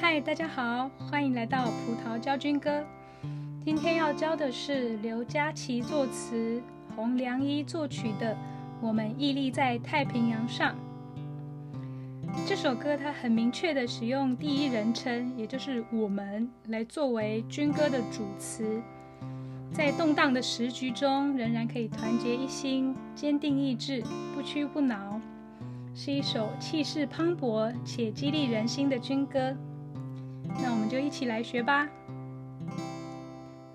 嗨，大家好，歡迎來到葡萄教軍歌。今天要教的是劉家琪作詞、洪良一作曲的《我們屹立在太平洋上》這首歌。它很明確地使用第一人稱，也就是“我們”，來作為軍歌的主詞。在動盪的時局中，仍然可以團結一心，堅定意志，不屈不撓，是一首氣勢磅礴且激勵人心的軍歌。那我們就一起來學吧。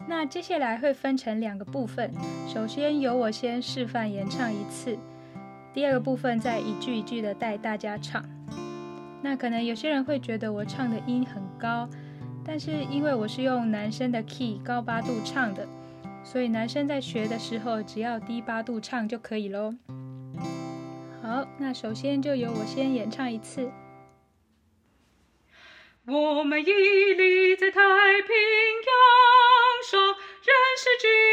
那接下來會分成兩個部分，首先由我先示範演唱一次，第二個部分再一句一句的帶大家唱。那可能有些人會覺得我唱的音很高，但是因為我是用男生的 key 高八度唱的。所以男生在學的時候，只要低八度唱就可以嘍。好，那首先就由我先演唱一次。我們屹立在太平洋上，任世局。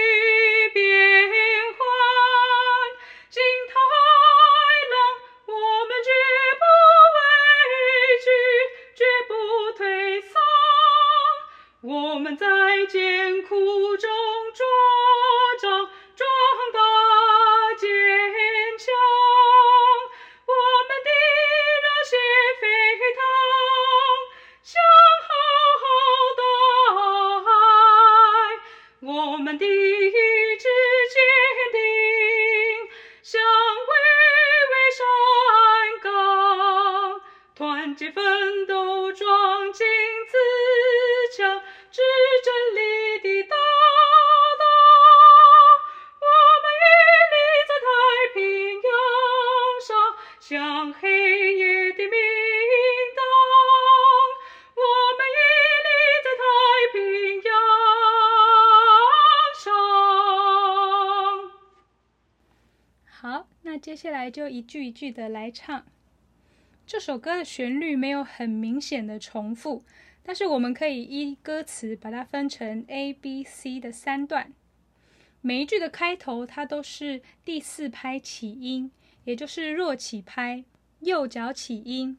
意志堅定，像巍巍山崗，團結奮鬥。接下來就一句一句的來唱。這首歌的旋律沒有很明顯的重複，但是我們可以依歌詞把它分成 A、B、C 的三段。每一句的開頭它都是第四拍起音，也就是弱起拍，右腳起音。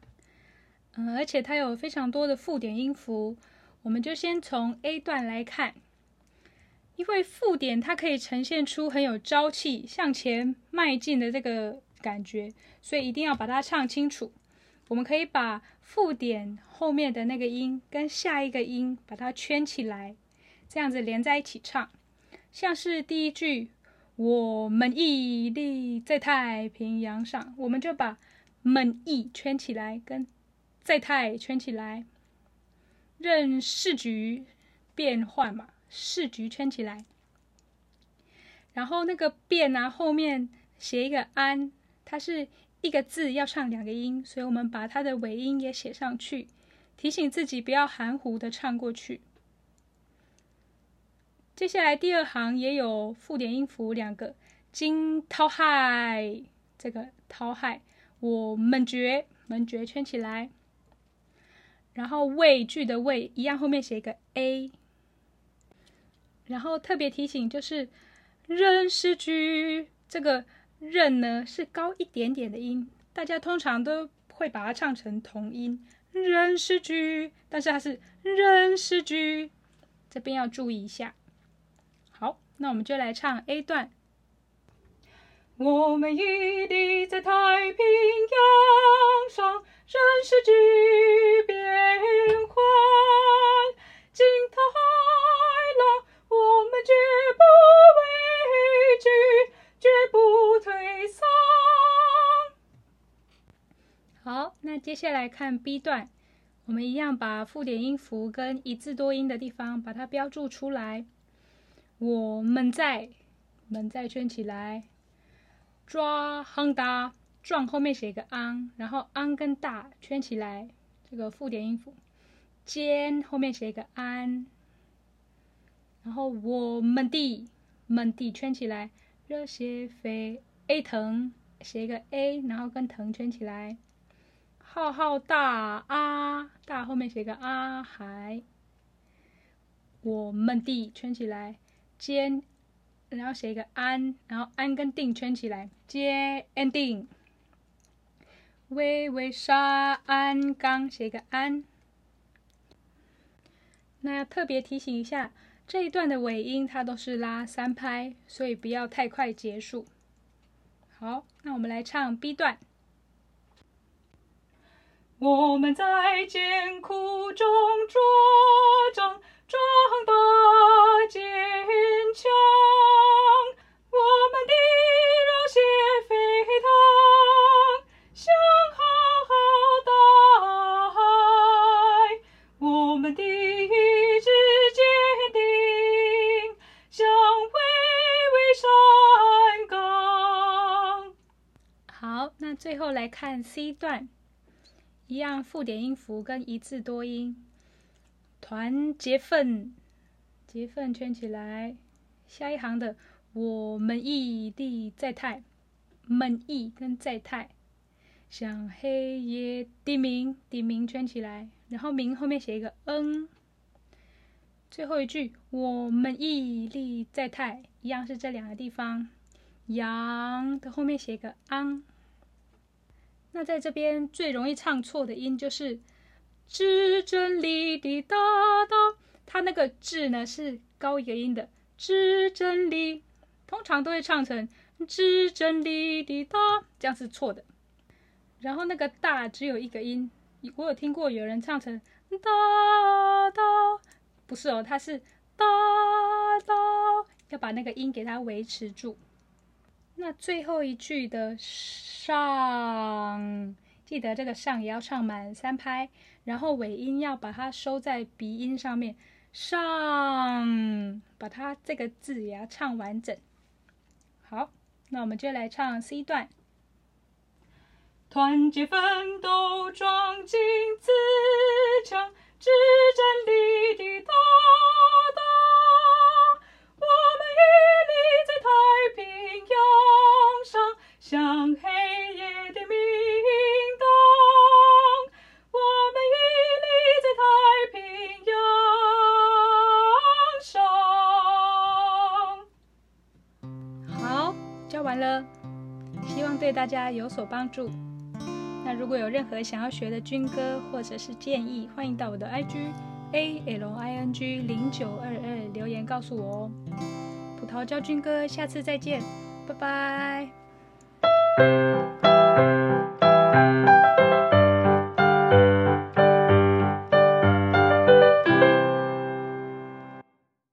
嗯，而且它有非常多的附點音符，我們就先從 A 段來看。因為附點它可以呈現出很有朝氣、向前邁進的這個感覺，所以一定要把它唱清楚。我們可以把附點後面的那個音跟下一個音把它圈起來，這樣子連在一起唱。像是第一句“我們屹立在太平洋上”，我們就把“們屹”圈起來，跟“在太”圈起來，任世局變幻嘛。世局圈起來，然後那個變啊後面寫一個安，它是一個字要唱兩個音，所以我們把它的尾音也寫上去，提醒自己不要含糊的唱過去。接下來第二行也有附點音符兩個，驚濤駭，這個濤駭我們絕我們絕圈起來，然後畏懼的畏一樣後面寫一個 a。然後特別提醒，就是“任世局”，這個任，“任”呢是高一點點的音，大家通常都會把它唱成同音，“任世局”，但是它是“任世局”，這邊要注意一下。好，那我們就來唱 A 段。我們屹立在太平洋上，任世局變幻，驚濤駭浪。接下來看 B 段，我們一樣把附點音符跟一字多音的地方把它標注出來。我們在們在圈起來，抓橫大撞後面寫一個安，然後安跟大圈起來，這個附點音符。肩後面寫一個安，然後我們地們地圈起來，熱血沸 A 騰寫一個 A，然後跟騰圈起來。浩浩大啊，大後面寫個阿、啊、海，我們的圈起來尖，然後寫一個安，然後安跟定圈起來接安定，巍巍沙安崗寫個安，那要特別提醒一下，這一段的尾音它都是拉三拍，所以不要太快結束。好，那我們來唱 B 段。我們在艱苦中茁壯，壯大堅強。我們的熱血沸騰，像浩浩大海；我們的意志堅定，像巍巍山崗。好，那最後來看 C 段。一樣附點音符跟一字多音，團結奮，結奮圈起來。下一行的我們屹立在泰，我們屹跟在泰，像黑夜的明，的明圈起來，然後明後面寫一個嗯。最後一句我們屹立在泰，一樣是這兩個地方，陽的後面寫一個安、嗯。那在這邊最容易唱錯的音就是“擎真理的大纛”，它那個字“擎”呢是高一個音的“擎真理”，通常都會唱成“擎真理的大”，這樣是錯的。然後那個“纛只有一個音，我有聽過有人唱成“噠噠”，不是哦，它是“噠噠”，要把那個音給它維持住。那最後一句的「上」，記得這個「上」也要唱滿三拍，然後尾音要把它收在鼻音上面。上，把它這個字也要唱完整。好，那我們就來唱 C 段。團結奮鬥，莊敬自強，擎真理的大纛。拍完了，希望對大家有所幫助。那如果有任何想要學的軍歌或者是建議，歡迎到我的 I G A L I N G 零九二二留言告訴我哦。葡萄教軍歌，下次再見，拜拜。